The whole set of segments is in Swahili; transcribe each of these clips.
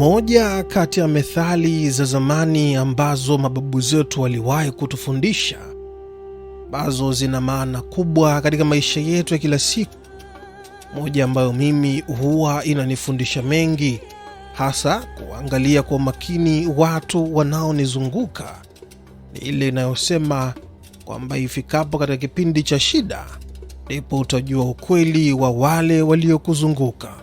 Moja kati ya methali za zamani ambazo mababu zetu waliwahi kutufundisha ambazo zina maana kubwa katika maisha yetu ya kila siku, moja ambayo mimi huwa inanifundisha mengi, hasa kuangalia kwa makini watu wanaonizunguka, ni ile inayosema kwamba ifikapo katika kipindi cha shida, ndipo utajua ukweli wa wale waliokuzunguka.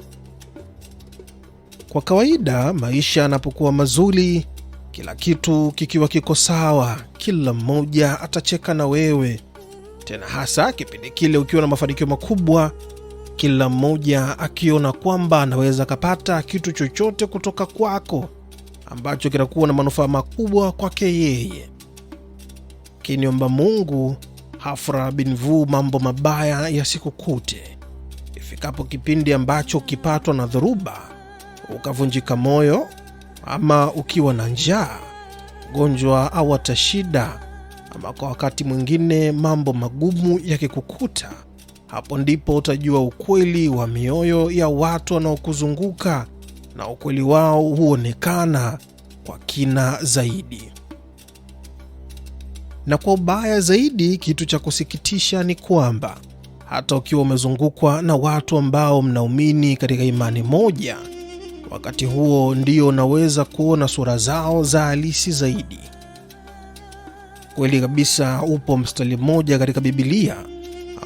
Kwa kawaida maisha yanapokuwa mazuri, kila kitu kikiwa kiko sawa, kila mmoja atacheka na wewe, tena hasa kipindi kile ukiwa na mafanikio makubwa, kila mmoja akiona kwamba anaweza akapata kitu chochote kutoka kwako ambacho kitakuwa na manufaa makubwa kwake yeye. kiniomba Mungu hafra binvu mambo mabaya yasikukute. Ifikapo kipindi ambacho ukipatwa na dhoruba ukavunjika moyo, ama ukiwa na njaa, gonjwa au hata shida, ama kwa wakati mwingine mambo magumu yakikukuta, hapo ndipo utajua ukweli wa mioyo ya watu wanaokuzunguka na ukweli wao huonekana kwa kina zaidi. Na kwa ubaya zaidi, kitu cha kusikitisha ni kwamba hata ukiwa umezungukwa na watu ambao mnaumini katika imani moja Wakati huo ndio naweza kuona sura zao za halisi zaidi. Kweli kabisa, upo mstari mmoja katika Biblia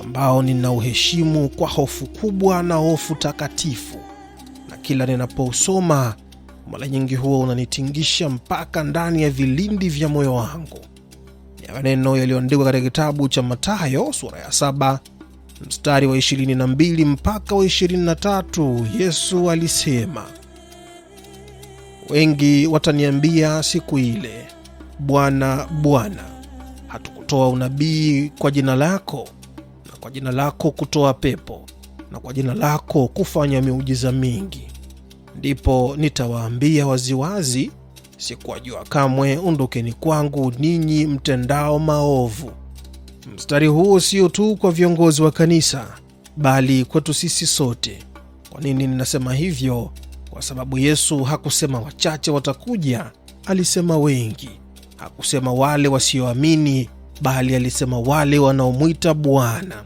ambao ninauheshimu kwa hofu kubwa na hofu takatifu, na kila ninapousoma mara nyingi huo unanitingisha mpaka ndani ya vilindi vya moyo wangu. Ni maneno yaliyoandikwa katika kitabu cha Mathayo sura ya saba mstari wa 22 mpaka wa 23. Yesu alisema Wengi wataniambia siku ile, Bwana, Bwana, hatukutoa unabii kwa jina lako, na kwa jina lako kutoa pepo, na kwa jina lako kufanya miujiza mingi? Ndipo nitawaambia waziwazi, sikuwajua kamwe, ondokeni kwangu ninyi mtendao maovu. Mstari huo sio tu kwa viongozi wa kanisa, bali kwetu sisi sote. Kwa nini ninasema hivyo? kwa sababu Yesu hakusema wachache watakuja, alisema wengi. Hakusema wale wasioamini, bali alisema wale wanaomwita Bwana.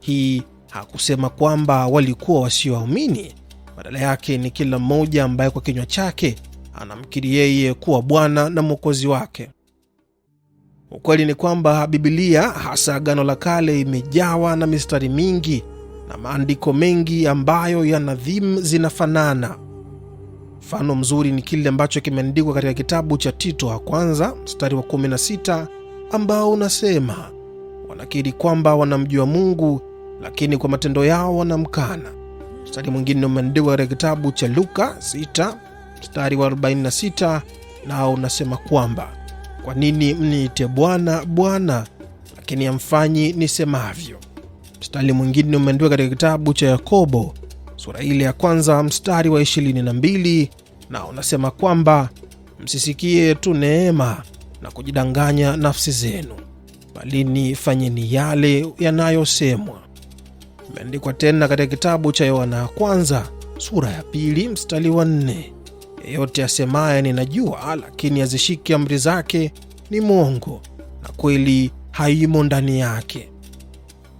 Hii hakusema kwamba walikuwa wasioamini, badala yake ni kila mmoja ambaye kwa kinywa chake anamkiri yeye kuwa Bwana na Mwokozi wake. Ukweli ni kwamba Bibilia, hasa Agano la Kale, imejawa na mistari mingi na maandiko mengi ambayo yana dhimu zinafanana. Mfano mzuri ni kile ambacho kimeandikwa katika kitabu cha Tito wa kwanza mstari wa 16 ambao unasema, wanakiri kwamba wanamjua Mungu lakini kwa matendo yao wanamkana. Mstari mwingine umeandikwa katika kitabu cha Luka 6 mstari wa 46 nao unasema kwamba, kwa nini mniite Bwana, Bwana, lakini hamfanyi nisemavyo. Mstari mwingine umeandikwa katika kitabu cha Yakobo sura ile ya kwanza mstari wa 22, na unasema kwamba msisikie tu neema na kujidanganya nafsi zenu, bali ni fanyeni yale yanayosemwa. Imeandikwa tena katika kitabu cha Yohana ya kwanza sura ya pili mstari wa 4, yeyote asemaye ninajua, lakini azishiki amri zake, ni mwongo na kweli haimo ndani yake.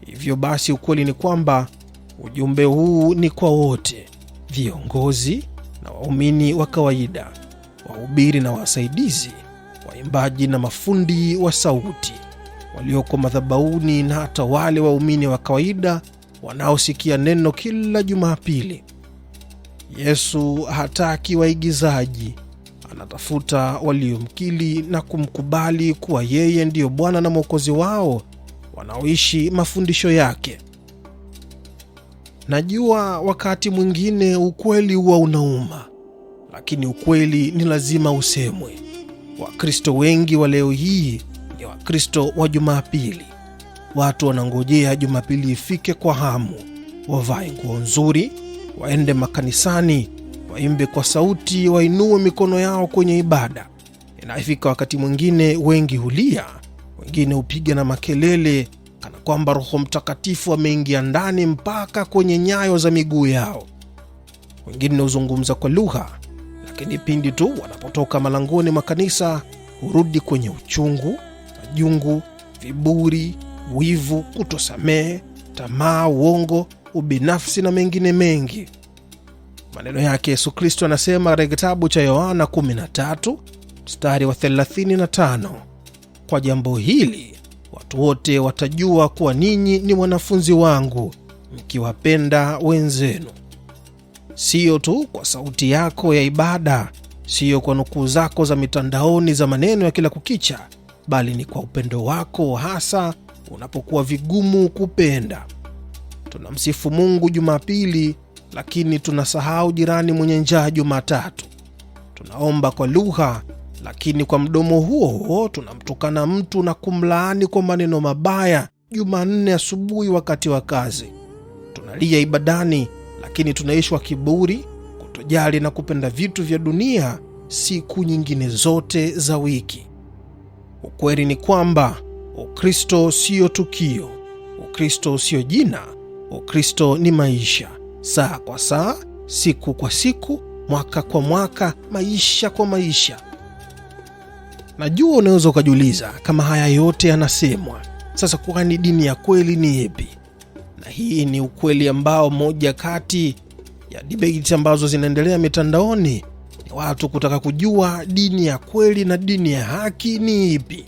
Hivyo basi, ukweli ni kwamba Ujumbe huu ni kwa wote, viongozi na waumini wa kawaida, wahubiri na wasaidizi, waimbaji na mafundi wa sauti, walioko madhabauni na hata wale waumini wa kawaida wanaosikia neno kila Jumapili. Yesu hataki waigizaji, anatafuta waliomkili na kumkubali kuwa yeye ndiyo Bwana na Mwokozi wao, wanaoishi mafundisho yake. Najua wakati mwingine ukweli huwa unauma, lakini ukweli ni lazima usemwe. Wakristo wengi wa leo hii ni Wakristo wa Jumapili. Watu wanangojea Jumapili ifike kwa hamu, wavae nguo nzuri, waende makanisani, waimbe kwa sauti, wainue mikono yao kwenye ibada. Inafika wakati mwingine wengi hulia, wengine hupiga na makelele kwamba Roho Mtakatifu ameingia ndani mpaka kwenye nyayo za miguu yao. Wengine huzungumza kwa lugha, lakini pindi tu wanapotoka malangoni mwa kanisa hurudi kwenye uchungu, majungu, viburi, wivu, kutosamehe, tamaa, uongo, ubinafsi na mengine mengi. Maneno yake Yesu Kristo anasema katika kitabu cha Yohana 13 mstari wa 35, kwa jambo hili watu wote watajua kuwa ninyi ni wanafunzi wangu mkiwapenda wenzenu. Siyo tu kwa sauti yako ya ibada, siyo kwa nukuu zako za mitandaoni za maneno ya kila kukicha, bali ni kwa upendo wako, hasa unapokuwa vigumu kupenda. Tunamsifu Mungu Jumapili, lakini tunasahau jirani mwenye njaa Jumatatu. Tunaomba kwa lugha lakini kwa mdomo huo huo tunamtukana mtu na kumlaani kwa maneno mabaya Jumanne asubuhi wakati wa kazi. Tunalia ibadani, lakini tunaishwa kiburi, kutojali na kupenda vitu vya dunia siku nyingine zote za wiki. Ukweli ni kwamba Ukristo siyo tukio, Ukristo siyo jina, Ukristo ni maisha, saa kwa saa, siku kwa siku, mwaka kwa mwaka, maisha kwa maisha. Najua unaweza ukajiuliza kama haya yote yanasemwa, sasa kwani dini ya kweli ni ipi? Na hii ni ukweli ambao moja kati ya debate ambazo zinaendelea mitandaoni ni watu kutaka kujua dini ya kweli na dini ya haki ni ipi.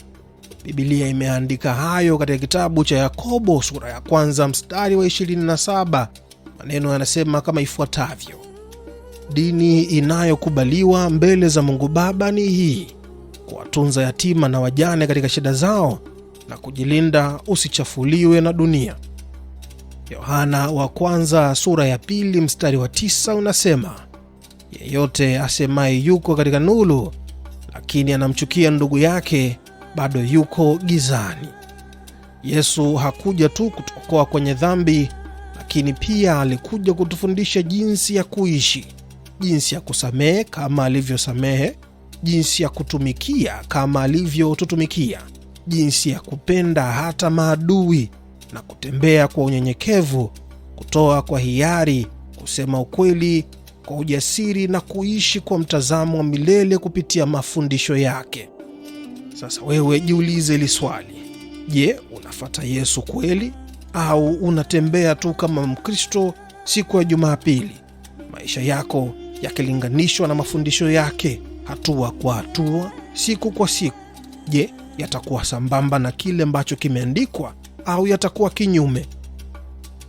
Biblia imeandika hayo katika kitabu cha Yakobo sura ya kwanza mstari wa 27. Maneno yanasema kama ifuatavyo: dini inayokubaliwa mbele za Mungu Baba ni hii kuwatunza yatima na wajane katika shida zao na kujilinda usichafuliwe na dunia. Yohana wa kwanza sura ya pili mstari wa tisa unasema, yeyote asemaye yuko katika nulu lakini anamchukia ndugu yake bado yuko gizani. Yesu hakuja tu kutuokoa kwenye dhambi, lakini pia alikuja kutufundisha jinsi ya kuishi, jinsi ya kusamehe kama alivyosamehe, jinsi ya kutumikia kama alivyotutumikia, jinsi ya kupenda hata maadui na kutembea kwa unyenyekevu, kutoa kwa hiari, kusema ukweli kwa ujasiri na kuishi kwa mtazamo wa milele kupitia mafundisho yake. Sasa wewe jiulize hili swali: je, unafata Yesu kweli au unatembea tu kama Mkristo siku ya Jumapili? Maisha yako yakilinganishwa na mafundisho yake hatua kwa hatua, siku kwa siku. Je, yatakuwa sambamba na kile ambacho kimeandikwa au yatakuwa kinyume?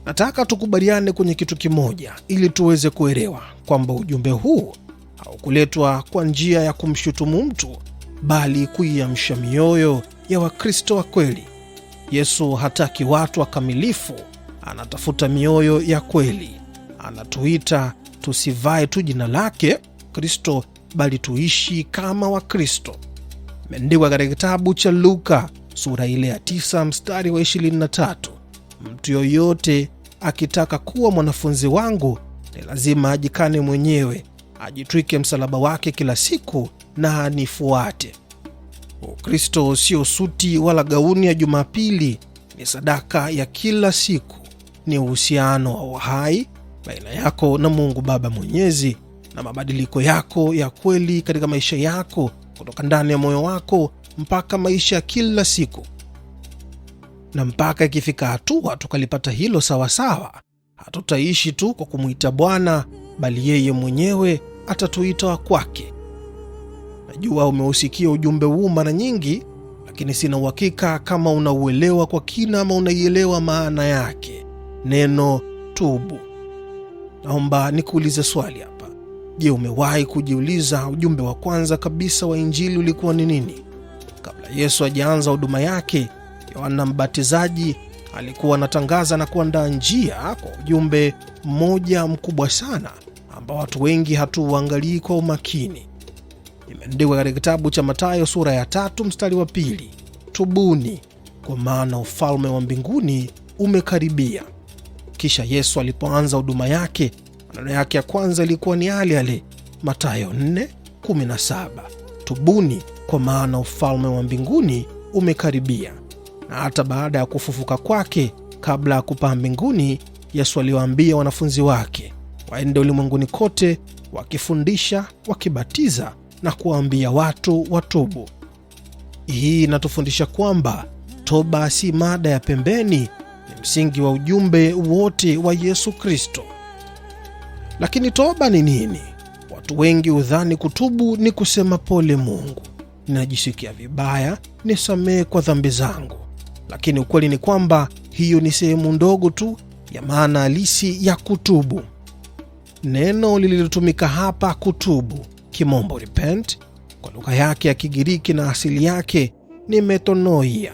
Nataka tukubaliane kwenye kitu kimoja ili tuweze kuelewa kwamba ujumbe huu haukuletwa kwa njia ya kumshutumu mtu, bali kuiamsha mioyo ya Wakristo wa kweli. Yesu hataki watu wakamilifu, anatafuta mioyo ya kweli. Anatuita tusivae tu jina lake Kristo, bali tuishi kama Wakristo. Imeandikwa katika kitabu cha Luka sura ile ya 9 mstari wa 23, mtu yoyote akitaka kuwa mwanafunzi wangu ni lazima ajikane mwenyewe, ajitwike msalaba wake kila siku na anifuate. Ukristo sio suti wala gauni ya Jumapili, ni sadaka ya kila siku, ni uhusiano wa uhai baina yako na Mungu Baba Mwenyezi na mabadiliko yako ya kweli katika maisha yako kutoka ndani ya moyo wako mpaka maisha ya kila siku, na mpaka ikifika hatua tukalipata hilo sawasawa, hatutaishi tu kwa kumwita Bwana, bali yeye mwenyewe atatuita kwake. Najua umeusikia ujumbe huu mara nyingi, lakini sina uhakika kama unauelewa kwa kina ama unaielewa maana yake neno tubu. Naomba nikuulize swali Je, umewahi kujiuliza ujumbe wa kwanza kabisa wa Injili ulikuwa ni nini? Kabla Yesu hajaanza huduma yake, Yohana Mbatizaji alikuwa anatangaza na kuandaa njia kwa ujumbe mmoja mkubwa sana ambao watu wengi hatuuangalii kwa umakini. Imeandikwa katika kitabu cha Mathayo sura ya tatu mstari wa pili, tubuni kwa maana ufalme wa mbinguni umekaribia. Kisha Yesu alipoanza huduma yake Maneno yake ya kwanza ilikuwa ni yale yale, matayo 4:17, tubuni kwa maana ufalme wa mbinguni umekaribia. Na hata baada ya kufufuka kwake, kabla ya kupaa mbinguni, Yesu aliwaambia wanafunzi wake waende ulimwenguni kote wakifundisha, wakibatiza na kuwaambia watu watubu. Hii inatufundisha kwamba toba si mada ya pembeni, ni msingi wa ujumbe wote wa Yesu Kristo. Lakini toba ni nini? Watu wengi hudhani kutubu ni kusema pole Mungu, ninajisikia vibaya, nisamehe kwa dhambi zangu. Lakini ukweli ni kwamba hiyo ni sehemu ndogo tu ya maana halisi ya kutubu. Neno lililotumika hapa kutubu, kimombo repent, kwa lugha yake ya Kigiriki na asili yake ni metanoia,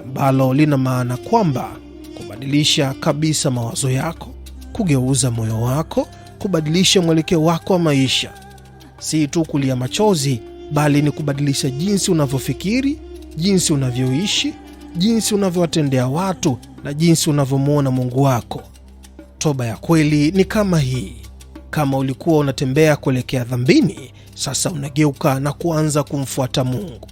ambalo lina maana kwamba kubadilisha kabisa mawazo yako, kugeuza moyo wako kubadilisha mwelekeo wako wa maisha. Si tu kulia machozi, bali ni kubadilisha jinsi unavyofikiri, jinsi unavyoishi, jinsi unavyowatendea watu na jinsi unavyomwona Mungu wako. Toba ya kweli ni kama hii. Kama ulikuwa unatembea kuelekea dhambini, sasa unageuka na kuanza kumfuata Mungu.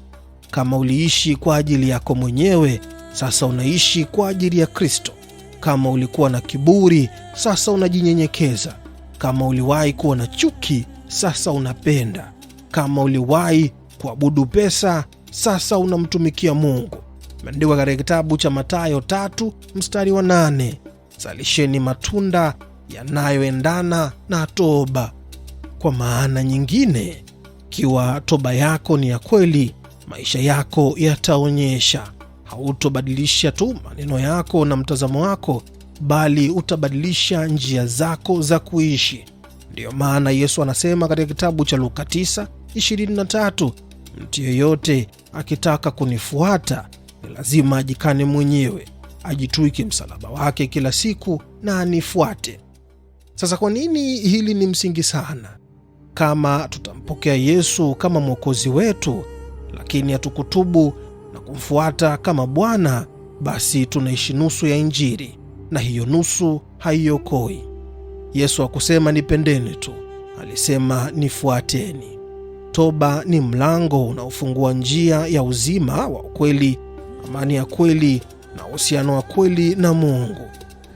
Kama uliishi kwa ajili yako mwenyewe, sasa unaishi kwa ajili ya Kristo. Kama ulikuwa na kiburi, sasa unajinyenyekeza kama uliwahi kuwa na chuki, sasa unapenda. Kama uliwahi kuabudu pesa, sasa unamtumikia Mungu. Imeandikwa katika kitabu cha Mathayo tatu mstari wa nane zalisheni matunda yanayoendana na toba. Kwa maana nyingine, ikiwa toba yako ni ya kweli, maisha yako yataonyesha. Hautobadilisha tu maneno yako na mtazamo wako, bali utabadilisha njia zako za kuishi. Ndiyo maana Yesu anasema katika kitabu cha Luka 9:23, mtu yeyote akitaka kunifuata ni lazima ajikane mwenyewe, ajitwike msalaba wake kila siku na anifuate. Sasa kwa nini hili ni msingi sana? Kama tutampokea Yesu kama mwokozi wetu, lakini hatukutubu na kumfuata kama Bwana, basi tunaishi nusu ya Injili na hiyo nusu haiokoi. Yesu hakusema nipendeni tu, alisema nifuateni. Toba ni mlango unaofungua njia ya uzima wa ukweli, amani ya kweli na uhusiano wa kweli na Mungu.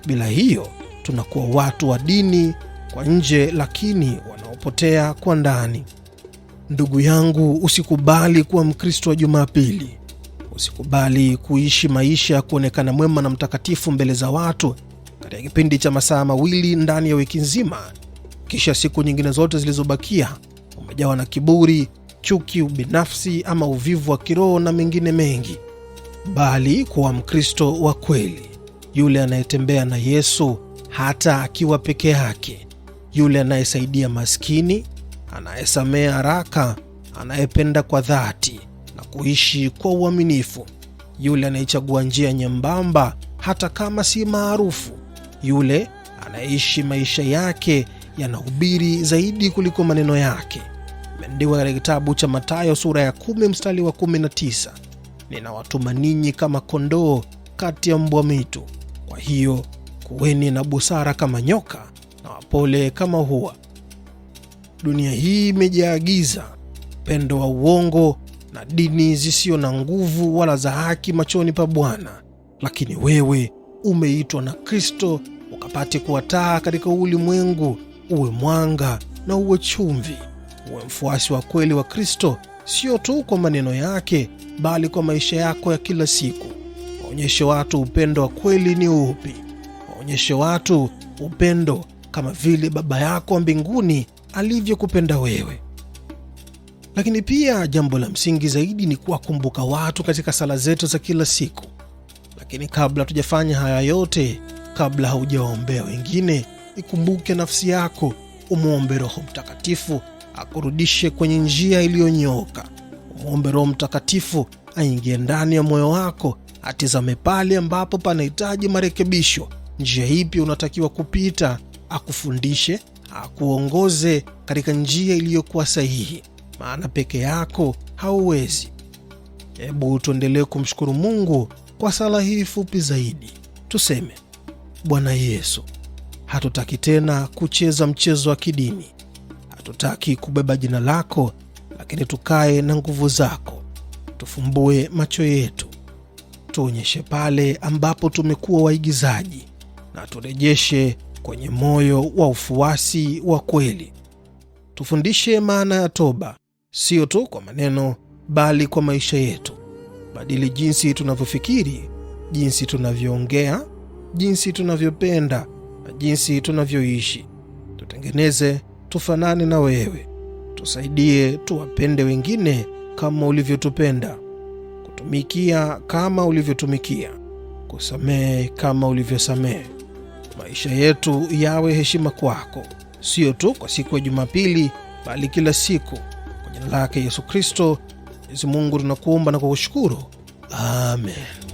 Bila hiyo tunakuwa watu wa dini kwa nje, lakini wanaopotea kwa ndani. Ndugu yangu, usikubali kuwa Mkristo wa Jumapili. Usikubali kuishi maisha ya kuonekana mwema na mtakatifu mbele za watu katika kipindi cha masaa mawili ndani ya wiki nzima, kisha siku nyingine zote zilizobakia umejawa na kiburi, chuki, ubinafsi ama uvivu wa kiroho na mengine mengi, bali kuwa Mkristo wa kweli, yule anayetembea na Yesu hata akiwa peke yake, yule anayesaidia maskini, anayesamea haraka, anayependa kwa dhati, na kuishi kwa uaminifu. Yule anayechagua njia nyembamba hata kama si maarufu, yule anayeishi maisha yake yanahubiri zaidi kuliko maneno yake. Imeandikwa katika kitabu cha Mathayo sura ya kumi mstari wa kumi na tisa ninawatuma ninyi kama kondoo kati ya mbwa mwitu. Kwa hiyo kuweni na busara kama nyoka na wapole kama hua. Dunia hii imejaa giza, upendo wa uongo na dini zisiyo na nguvu wala za haki machoni pa Bwana. Lakini wewe umeitwa na Kristo ukapate kuwa taa katika ulimwengu, uwe mwanga na uwe chumvi, uwe mfuasi wa kweli wa Kristo, sio tu kwa maneno yake, bali kwa maisha yako ya kila siku. Waonyeshe watu upendo wa kweli ni upi? Waonyeshe watu upendo kama vile Baba yako wa mbinguni alivyokupenda wewe. Lakini pia jambo la msingi zaidi ni kuwakumbuka watu katika sala zetu za kila siku. Lakini kabla tujafanya haya yote, kabla haujawaombea wengine, ikumbuke nafsi yako, umwombe Roho Mtakatifu akurudishe kwenye njia iliyonyooka. Umwombe Roho Mtakatifu aingie ndani ya moyo wako, atizame pale ambapo panahitaji marekebisho, njia ipi unatakiwa kupita, akufundishe, akuongoze katika njia iliyokuwa sahihi maana peke yako hauwezi. Hebu tuendelee kumshukuru Mungu kwa sala hii fupi zaidi. Tuseme, Bwana Yesu, hatutaki tena kucheza mchezo wa kidini, hatutaki kubeba jina lako, lakini tukae na nguvu zako. Tufumbue macho yetu, tuonyeshe pale ambapo tumekuwa waigizaji, na turejeshe kwenye moyo wa ufuasi wa kweli. Tufundishe maana ya toba sio tu kwa maneno, bali kwa maisha yetu. Badili jinsi tunavyofikiri, jinsi tunavyoongea, jinsi tunavyopenda na jinsi tunavyoishi. Tutengeneze tufanane na wewe. Tusaidie tuwapende wengine kama ulivyotupenda, kutumikia kama ulivyotumikia, kusamehe kama ulivyosamehe. Maisha yetu yawe heshima kwako, sio tu kwa siku ya Jumapili, bali kila siku jina lake Yesu Kristo, mwenyezimungu Mungu tunakuomba na kwa kushukuru amen.